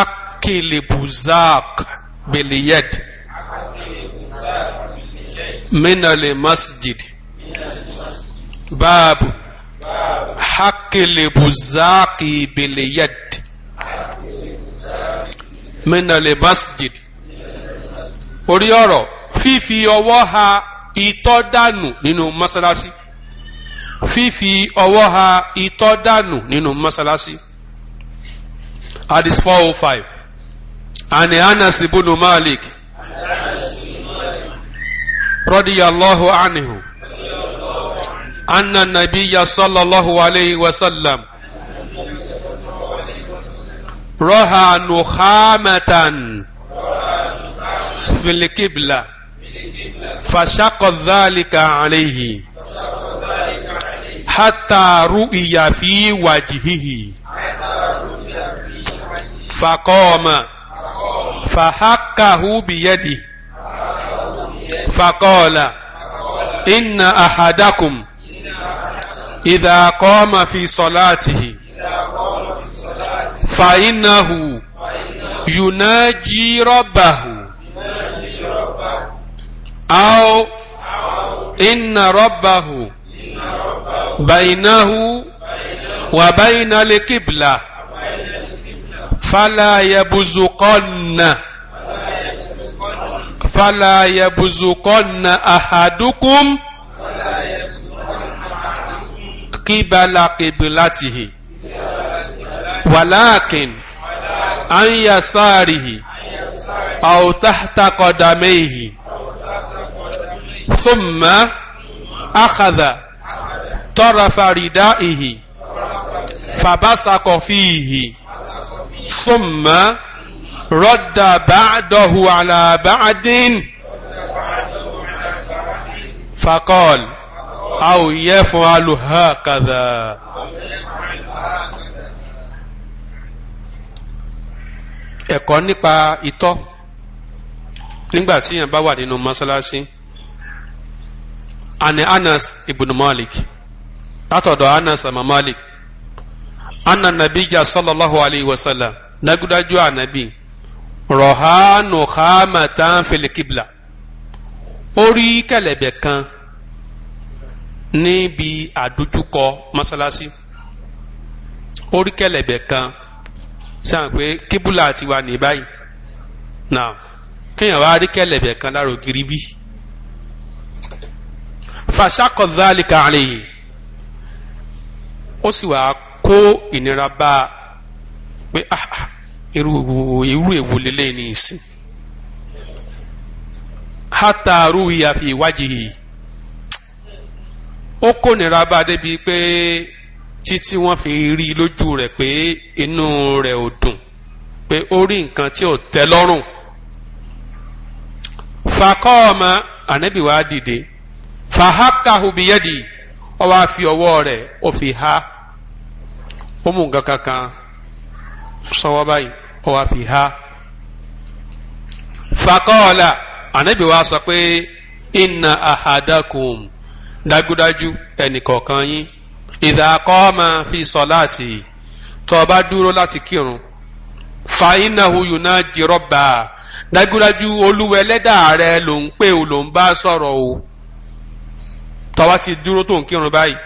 akili buzak biliyad minali masjid baabu hakili buzaki biliyad minali masjid orí ọ̀rọ̀ fífi ọwọ́ ha itọ́ dànù nínú mọ́sálásí fífi ọwọ́ ha itọ́ dànù nínú mọ́sálásí. Hadith 405. عن أنس بن مالك رضي الله عنه أن النبي صلى الله عليه وسلم رأى نخامة في القبلة فشق ذلك عليه حتى رؤي في وجهه فقام فحكه بيده فقال إن أحدكم إذا قام في صلاته فإنه يناجي ربه أو إن ربه بينه وبين القبله فلا يبزقن فلا يبزقن أحدكم قبل قبلته ولكن عن يساره أو تحت قدميه ثم أخذ طرف ردائه فبصق فيه ثم رد بعده على ba'din فقال: أو يفعل هكذا؟ ẹ̀kọ́ nípa itọ́ nígbà tí yẹn bá wà nínú mọ́sálásí ani Anas ibn Malik látọ̀dọ̀ Anas ama Malik anna nabija sallallahu alayhi wa sallam nagudaju anabi rọhánù hamatan filikibla ó rí kẹ̀lẹ̀bẹ̀ kan níbi àdójúkọ mọ́sálásí ó rí kẹ̀lẹ̀bẹ̀ kan sáà pé kíbùlà ti wà ní báyìí náà kéèyàn wá rí kẹ̀lẹ̀bẹ̀ kan lára ògiri bí fàṣàkọ zálìkà àlè yìí ó kó ìnira bá a pé ah, ah irú irú èwo lélẹ́yìn ní ìsìn hata ruwiya fi wajihi ó kó nira bá débi pé títí wọ́n fi rí lójú rẹ̀ pé inú rẹ̀ ò dùn pé ó rí nǹkan tí ò tẹ́ lọ́rùn fakọọma anabi wa dìde fahakahu biyadi ó wá ọwọ́ rẹ̀ ó fi ha ó mú nǹkan kankan sọ́wọ́ báyìí ó wá fi há fakọ́ọ̀là ànábì wa sọ pé inna ahadakum dájúdájú ẹnìkọ̀ọ̀kan yín idha fi salati tó bá dúró láti kírun fa innahu yunaji rabba dájúdájú olúwa ẹlẹ́dàá rẹ ló ń pè ó ló ń bá sọ̀rọ̀ o tó bá ti dúró tó ń kírun báyìí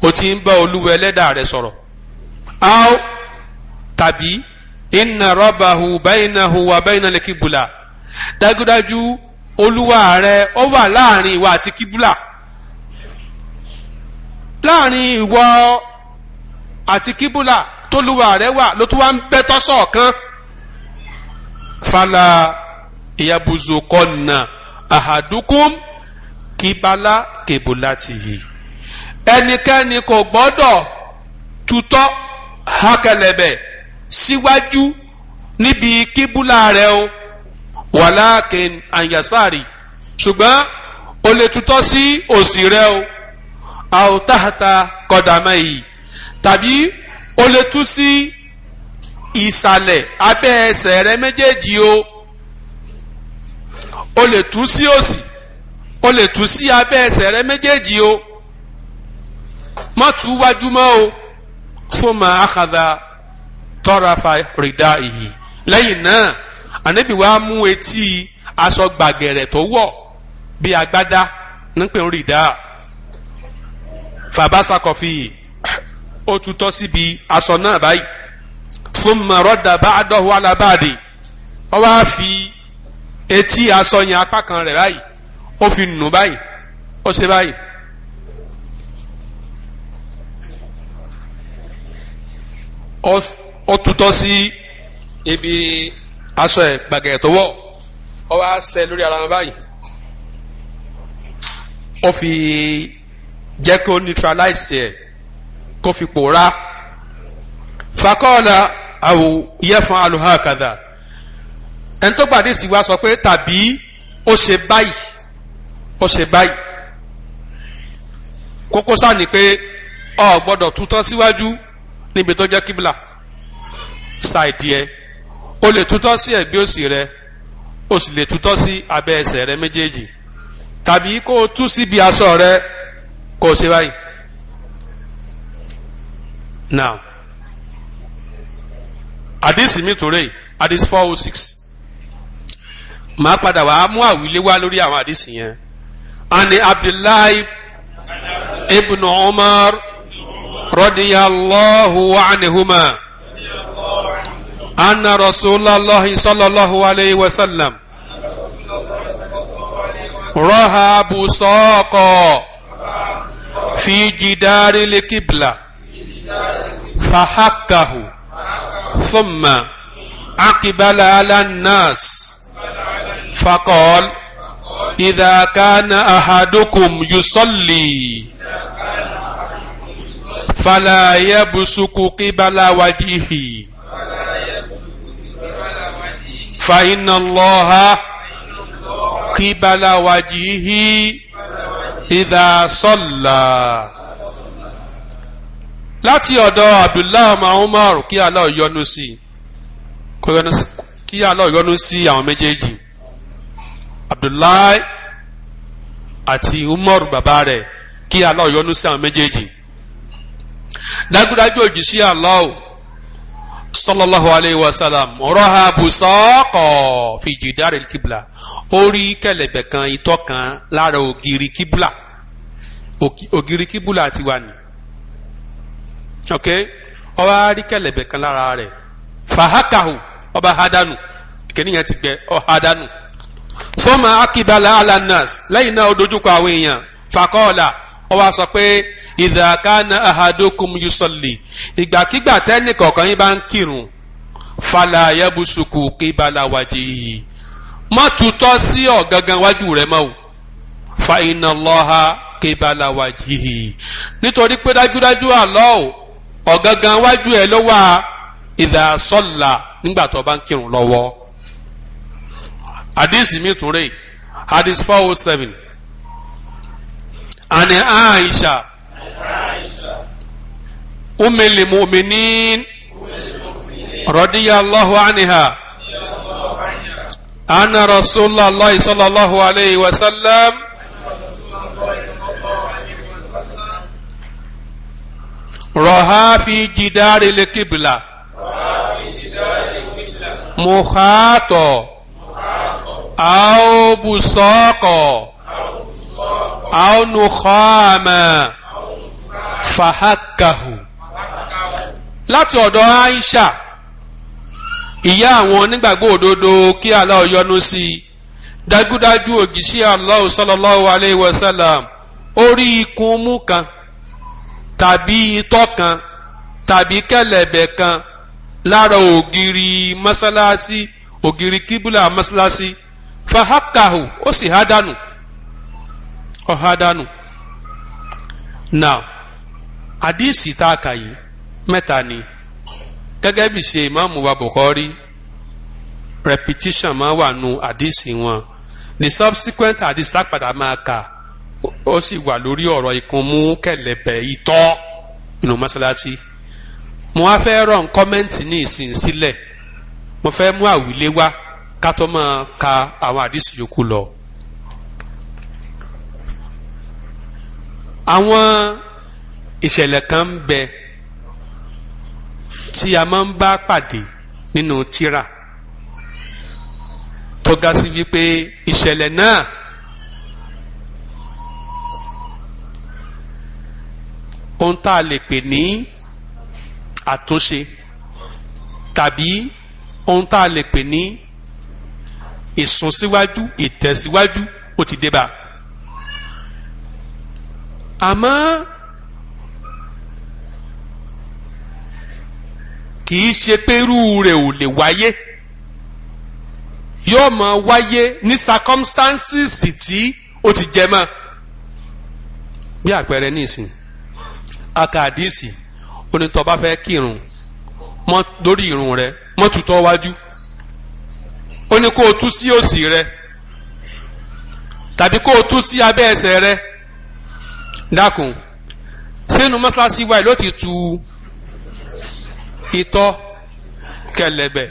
o ti ń bá olúwa ẹlẹ́dàá rẹ sọ̀rọ̀ aw tàbí inna rabbahu baynahu wa bayna al-qibla dájúdájú olúwa rẹ ó wà láàrin ìwọ àti kíbúlà láàrin ìwọ àti kíbúlà tólúwa rẹ wà ló tún wá ń bẹ tọ́sọ̀ kan fala ìyàbùzùkọ̀nà ahadukum kíbalá kèbùlá tìyí kò gbọ́dọ̀ tutọ́ hákẹlẹ̀bẹ̀ síwájú níbi kíbúlà rẹ o wàlákin àyàsáàrì ṣùgbọ́n o lè tutọ́ sí òsì rẹ o àwòtáhàtà kọ̀dàmọ́ yìí tàbí o lè tú sí ìsàlẹ̀ abẹ́ ẹsẹ̀ rẹ méjèèjì o o lè tú sí òsì o lè tú sí abẹ́ ẹsẹ̀ rẹ méjèèjì o má wájú mọ́ o fúnma akada tọrafa rìdá ìyí lẹ́yìn náà ànábì wa mú etí aṣọ gbàgẹ̀rẹ̀ tó wọ̀ bí agbádá nípe rìdá fàbáṣà kọfí ó tutọ́ síbi aṣọ náà báyìí fúnma rọ́dà bá adọ́hu alábàdì ó wá fi etí aṣọ yẹn apá kan rẹ̀ báyìí ó fi nù báyìí ó ṣe báyìí. ó tutọ́ sí ibi aṣọ ẹ̀ gbàgẹ̀rẹ̀ tó wọ̀ ọ wá ṣe lórí ara wọn báyìí ó fi jẹ́ kó neutralize ẹ̀ kó fi pòórá fakọ́ọ̀lá àwò yẹ́fọn alùhà kàdà ẹni tó gbàdé sì wá sọ pé tàbí ó ṣe báyìí ó ṣe báyìí kókó sáà ni pé ọ gbọ́dọ̀ tutọ́ síwájú níbi tó jẹ́ kíbla ṣáìdì ẹ o lè tutọ́ sí ẹ̀gbẹ́ òsì rẹ o sì lè tutọ́ sí abẹ́ ẹsẹ̀ rẹ méjèèjì tàbí kó o tú síbi aṣọ rẹ kó ṣe báyìí. now àdìsí mi tó rè àdìsí four oh six màá padà wàá mú àwílé wá lórí àwọn àdìsí yẹn ani abdullahi ibn umar. رضي الله عنهما أن رسول الله صلى الله عليه وسلم رأى بصاقا في جدار القبلة فحكه ثم أقبل على الناس فقال إذا كان أحدكم يصلي فلا يبسك قبل وجهه فإن الله قبل وجهه إذا صلى láti ọ̀dọ̀ Abdullahi mahumar kí Allah yọ́nú sí kí Allah yọ́nú sí àwọn méjèèjì Abdullahi àti Umar bàbá rẹ̀ kí Allah yọ́nú sí àwọn méjèèjì dájúdájú òjíṣẹ́ Allah sallallahu alayhi wa sallam rọ́ha bùsọ́ọ̀kọ̀ fìjìdáre kíbla ó rí kẹlẹ̀bẹ̀ kan itọ́ kan lára ògiri kíbla ògiri kíbla ti wà ní ok ó wá rí kẹlẹ̀bẹ̀ kan lára rẹ̀ fàhákàhù ó bá hádánù ìkíníyàn ti gbẹ ó hádánù fọ́mà akíbalà alanas lẹ́yìn náà ó dojúkọ àwọn èèyàn fàkọ́ọ̀là ó wá sọ pé idha kana ahadukum yusalli ìgbàkígbà tẹ́nì kọ̀ọ̀kan yín bá ń kírun fala yabusuku qibala wajhihi má tutọ́ sí ọ̀gangan wájú rẹ mọ́ o fa inna Allaha qibala wajhihi nítorí pé dájúdájú àlọ́ o ọ̀gangan wájú ẹ̀ ló wà idha nígbà tó bá ń kírun lọ́wọ́ hadith mi tún rè four oh seven. عن عائشة أم المؤمنين رضي الله عنها أن رسول الله صلى الله عليه وسلم رها في جدار القبلة مخاطو أو بصاق أو نخاما فحكه láti ọ̀dọ̀ Aisha ìyá àwọn onígbàgbọ́ òdodo kí Allah yọ́nú sí i dájúdájú òjíṣẹ́ Allah sallallahu alayhi wa sallam ó rí ikùn mú kan tàbí itọ́ kan tàbí kẹ̀lẹ̀bẹ̀ kan lára ògiri mọ́sálásí ògiri kíbúlà mọ́sálásí fahakahu ó sì hádànù ọ̀há dànù. Na àdìsí tá a kà yìí mẹ́ta ni gẹ́gẹ́ bí ṣe ìmáàmù wa Bukhari repetition máa wà nù àdìsí wọn the subsequent àdìsí tá a padà máa kà ó sì wà lórí ọ̀rọ̀ ìkúnmú kẹ̀lẹ̀bẹ̀ ìtọ́ nínú mọ́ṣáláṣí mo wá fẹ́ rán kọ́mẹ́ǹtì ní ìsìn sílẹ̀ mo fẹ́ mú àwílé wá ká tó máa ka àwọn àdìsí yòókù lọ. àwọn ìṣẹ̀lẹ̀ kan ń bẹ tí a máa ń bá pàdé nínú tírà tó ga sí wípé ìṣẹ̀lẹ̀ náà ohun tá a lè pè ní àtúnṣe tàbí ohun tá a lè pè ní ìsúnsíwájú ìtẹ̀síwájú ó ti dé bá àmọ́ kì í ṣe pé irú rẹ̀ ò lè wáyé yóò máa wáyé ní circumstances tí ó ti jẹ mọ́ bí àpẹẹrẹ nísìn akadisi onítọ̀ bá fẹ́ kírun mọ́ lórí irun rẹ̀ mọ́ tutọ́ wájú ó ní kó o tú sí òsì rẹ̀ tàbí kó o tú sí abẹ́ ẹsẹ̀ rẹ̀ dákun sínú mọ́ṣáláṣí wa ló ti tu itọ́ kẹlẹ̀bẹ̀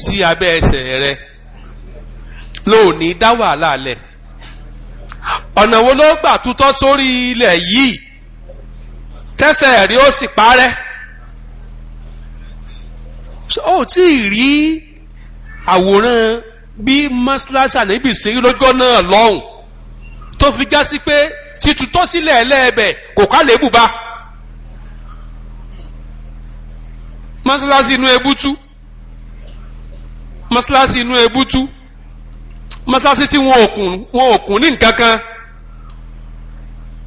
sí abẹ́ ẹsẹ̀ rẹ lóòní dá wàhálà lẹ̀ ọ̀nà wo ló gbà tutọ́ sórí ilẹ̀ yìí tẹ́sẹ̀ rí ó sì parẹ́ ó tí ì rí àwòrán bí mọ́ṣáláṣí ànábì sí lọ́jọ́ náà lọ́hùn tó fi já sí pé títútọ́ sílẹ̀ ẹlẹ́ẹ̀bẹ̀ kò ká lè bùbá mọ́sálásí inú ebútú mọ́sálásí inú ebútú mọ́sálásí tí wọn ò kùn wọn ò kùn ní nǹkan kan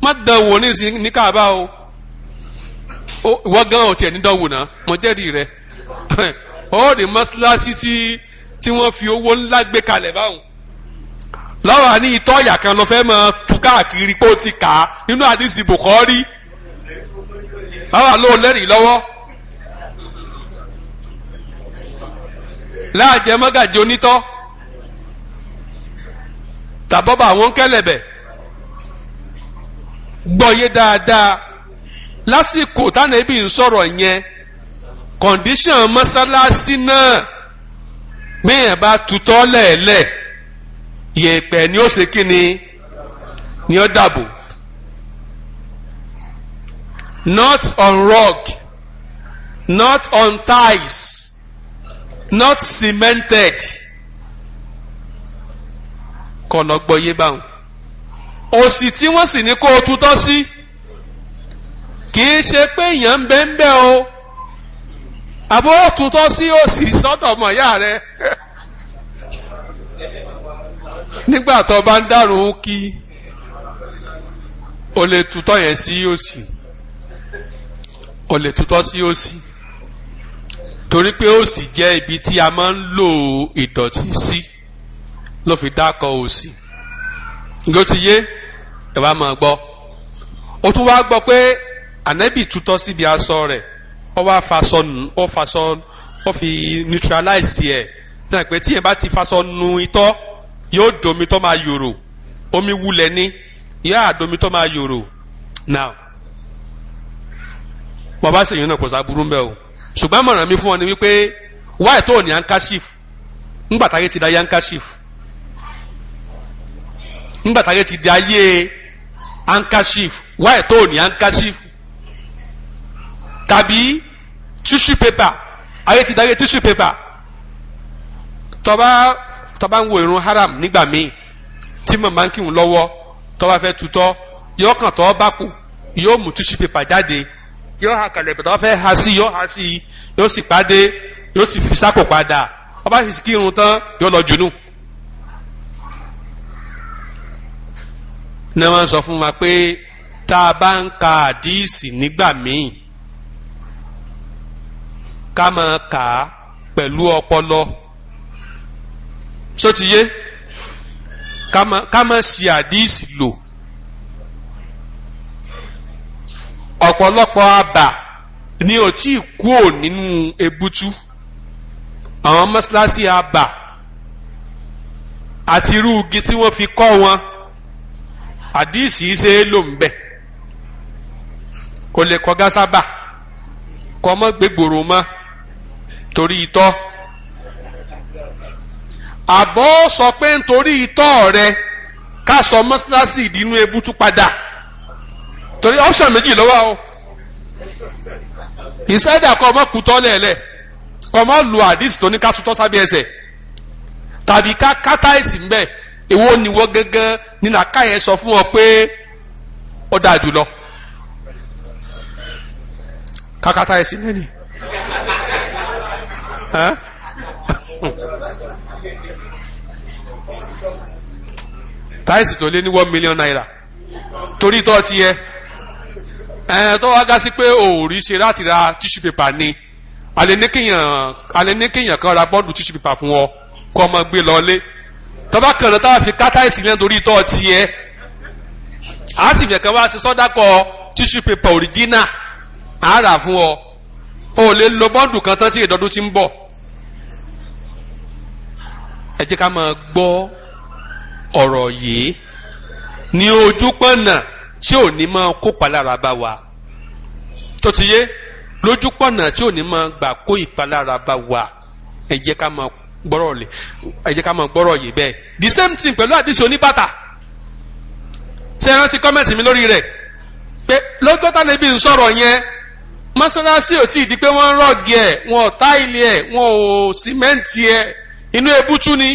má dán wò ní ìsìn ní káàbá o ìwọ gan ò tiẹ̀ ní dánwò náà mo rẹ ó ní mọ́sálásí tí tí wọ́n fi owó ńlá gbé kalẹ̀ báwọn lọ́wọ́ àní ìtọ́ ìyà kan lọ fẹ́ máa káàkiri kó ti kà á nínú àdìsí Bukhari báwa ló lẹ́rìí lọ́wọ́ láàjẹ mọ́gàjì onítọ́ tàbọ́bà àwọn kẹlẹ̀bẹ̀ gbọ́yé dáadáa lásìkò tánàbí ń sọ̀rọ̀ yẹn kọ̀ǹdíṣàn mọ́sálásí náà gbìyànjú bá tutọ́ lẹ̀ẹ́lẹ̀ yẹ̀pẹ̀ ni ó ṣe kí ni ni ó dàbò not on rock not on ties not cemented kọ̀nà gbọ́yé báwọn òsì tí wọ́n sì ní kó o tutọ́ sí kì í ṣe pé èèyàn ń bẹ́ ń bẹ́ o àbúrò tutọ́ sí òsì sọ́dọ̀ ọmọ ìyá rẹ nígbà tó bá ń dàrú kí o lè tutọ́ yẹn sí òsì o lè tutọ́ sí òsì torí pé òsì jẹ́ ibi tí a máa ń lo ìdọ̀tí sí ló fi dákọ̀ òsì ló ti yé ẹ wá máa gbọ́ o tún wá gbọ́ pé ànẹ́bì tutọ́ síbi aṣọ rẹ̀ ó wá faṣọ nù ó faṣọ ó fi neutralize ẹ̀ sẹ́yìn pé tíyẹn bá ti faṣọ nu itọ́ yóò domi tó máa yòrò omi wulẹ̀ ní yá àdomi tó máa yòrò now wọ́n bá ṣèyàn náà kò sá burú mbẹ́ o ṣùgbọ́n mọ̀ràn mi fún ọ ni wípé wáyé tó ní handkerchief ńgbà táyé ti da yé handkerchief ńgbà táyé ti da yé handkerchief wáyé tó ní handkerchief tàbí tissue paper ayé ti da yé tissue paper tọ́ba tọ́ba ń wo ìrun haram nígbà míì tí màmá ń kírun lọ́wọ́ tó bá fẹ́ tutọ́ yóò kàn tọ́ bákò yóò mú tíṣù pépà jáde yóò ha kàlẹ̀ pẹ̀tọ́ bá fẹ́ ha sí yóò ha sí yóò sì pàdé yóò sì fi sákò padà ó bá sì kírun tán yóò lọ jùnú. ní wọ́n sọ fún wa pé tá a bá ń ka àdíìsì nígbà míì ká máa kà á pẹ̀lú ọpọlọ sótìyé. So Kama má ṣe àdíìsì lò ọ̀pọ̀lọpọ̀ àbà ni ò tí ì kúò nínú ebútú àwọn mọ́ṣáláṣí àbà àti irú igi tí wọ́n fi kọ́ wọn àdíìsì ṣe é lò ń bẹ̀ kò lè kọ́ gásábà kọ́ mọ́ gbégbòrò mọ́ torí itọ́. àbọ̀ sọ pé nítorí itọ́ rẹ ká sọ mọ́sálásí ìdínú ebú tún padà torí ọ́pṣàn méjì lọ́wọ́ o ìsẹ́dà kọ́ ọmọ kùtọ́ lẹ́ẹ̀lẹ́ kọ́ ọmọ lu àdìsí tó ní ká tutọ́ sábẹ́ ẹsẹ̀ tàbí ká kátàìsì ńbẹ èwo ni gángan nínú sọ fún ọ pé ó dáa jùlọ ká kátàìsì lẹ́nu. táìsì tó lé ní one million naira torí tọ́ ti yẹ ẹ̀ tó wá gá sí pé òòrí ṣe láti ra tíṣù pépà ni alẹ́ ní kéèyàn kan ra bọ́ọ̀dù tíṣù pépà fún ọ kọ́ ọmọ gbé lọ́lé tọ́ba kan náà táwa fi ká táìsì lẹ́nu torí tọ́ ti yẹ a sì fẹ̀ kẹ́ wá sí sọ́dákọ̀ tíṣù pépà òrìjínà á rà fún ọ o lè lo bọ́ọ̀dù kan tán tí ìdọ́dún ti ń bọ̀ ẹ jẹ́ ká máa gbọ́ ọ̀rọ̀ yìí ní ojúpọ̀nà tí ò ní máa kópa lára bá wa tó ti yé lójúpọ̀nà tí ò ní máa gbà kó ìpalára bá wa ẹ jẹ́ ká máa gbọ́rọ̀ lè ẹ jẹ́ ká máa gbọ́rọ̀ yìí bẹ́ẹ̀ the same thing pẹ̀lú àdìsí oníbàtà ṣe é rántí kọ́mẹ̀tì mi lórí rẹ̀ pé lọ́jọ́ tá níbi ń sọ̀rọ̀ yẹn mọ́sálásí ò tí ì di pé wọ́n ń rọ̀gì ẹ̀ wọ́n ò táìlì ẹ̀ wọ́n ò símẹ́ǹtì ẹ̀ inú ebútú ni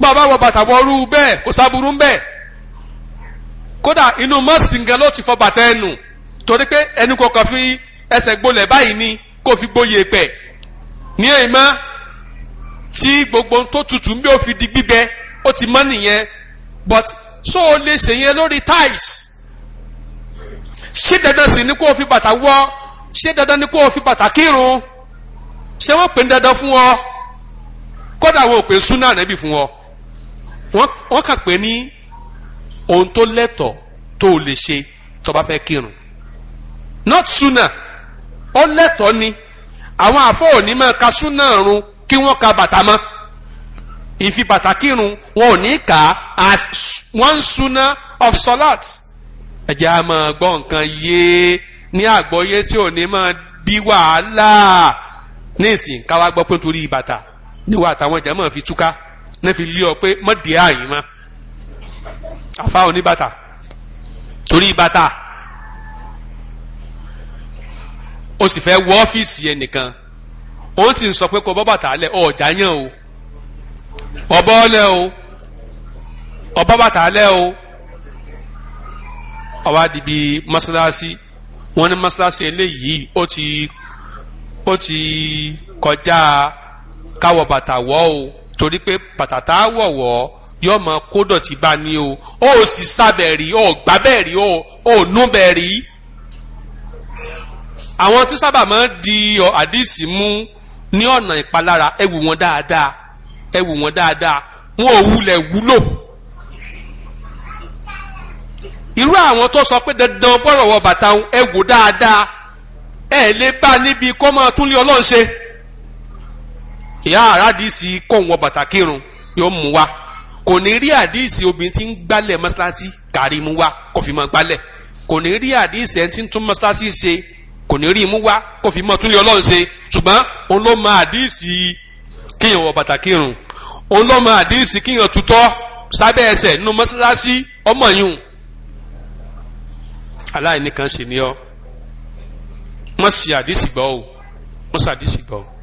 bàbá wọ bàtà wọrú bẹ́ẹ̀ kò sábúrú bẹ́ẹ̀ kódà inú mọ́sítì nǹkan ló ti fọ bàtà ẹnu torí pé ẹnu kọ̀ọ̀kan fi ẹsẹ̀ gbolẹ̀ báyìí ni kó fi gbóyè pẹ̀ ní èèmọ́ tí gbogbo tó tutù ń bí ó fi di gbígbẹ ó ti mọ́ nìyẹn but so o lè ṣe yẹn lórí tiles ṣé dandan sì ni kó fi bàtà wọ ṣé dandan ni kó fi bàtà kírun ṣé wọ́n pè ní dandan fún ọ kódà wọn ò pè súnà ànábì fún ọ wọ́n kàn pè ní ohun tó lẹ́tọ̀ tó o lè ṣe tó bá fẹ́ kírun not súnà ó lẹ́tọ̀ ni àwọn àfọ òní máa ka súnà run kí wọ́n ka bàtà mọ́ ìfi bàtà kírun wọn ò ní kà á as one sunnah of salat ẹ̀jẹ̀ a máa gbọ́ nǹkan yé ní àgbọ́yé tí ò máa bí wàhálà nísìn káwa gbọ́ pé torí bàtà níwọ àtàwọn ìjà mọ̀ fi túká náà fi lé ọ pé mọ̀dé àyìn mọ́ àfa oníbàtà torí bàtà o sì fẹ́ wọ ọ́fíìsì ẹnìkan ó ti ń sọ pé kò bọ́ bàtà lẹ̀ ọ̀jà yàn o ọbọ̀ lẹ̀ o ọbọ̀ bàtà lẹ̀ o ọba dìbì mọ́sálásí wọ́n ní mọ́sálásí eléyìí ó ti ó ti kọjá káwọ̀ bàtà wọ̀ o torí pé bàtà tá a wọ̀ wọ̀ yóò mọ kó dọ̀tí bá ní o ó sì sábẹ̀ rí ó gbábẹ̀ rí ó ó núbẹ̀ rí àwọn tí sábà máa ń di àdìsí mú ní ọ̀nà ìpalára ẹ wù wọn dáadáa ẹ wù wọn dáadáa wọn ò wulẹ̀ wúlò irú àwọn tó sọ pé dandan bọ́rọ̀ wọ bàtà ẹ dáadáa ẹ lè bá níbi kọ́ máa tún lé ọlọ́run ṣe ìyá àràdìsí kọ̀ wọ́n bàtà kírun yóò mú wa kò ní rí àdìsí obìnrin tí ń gbálẹ̀ mọ́ṣáláṣí kárí mú wa kò fi máa gbálẹ̀ kò ní rí àdìsí ẹni tí ń tún mọ́ṣáláṣí ṣe kò ní rí mú wa kò fi máa tún lé ọlọ́run ṣe ṣùgbọ́n òun ló máa àdìsí kíyàn wọ bàtà kírun òun ló máa àdìsí kíyàn tutọ́ sábẹ́ ẹsẹ̀ nínú mọ́ṣáláṣí ọmọ yìí aláìníkan sì ni ọ́ mọ̀ sí àdìsí gbọ́ o mọ̀ sí àdìsí gbọ́ o.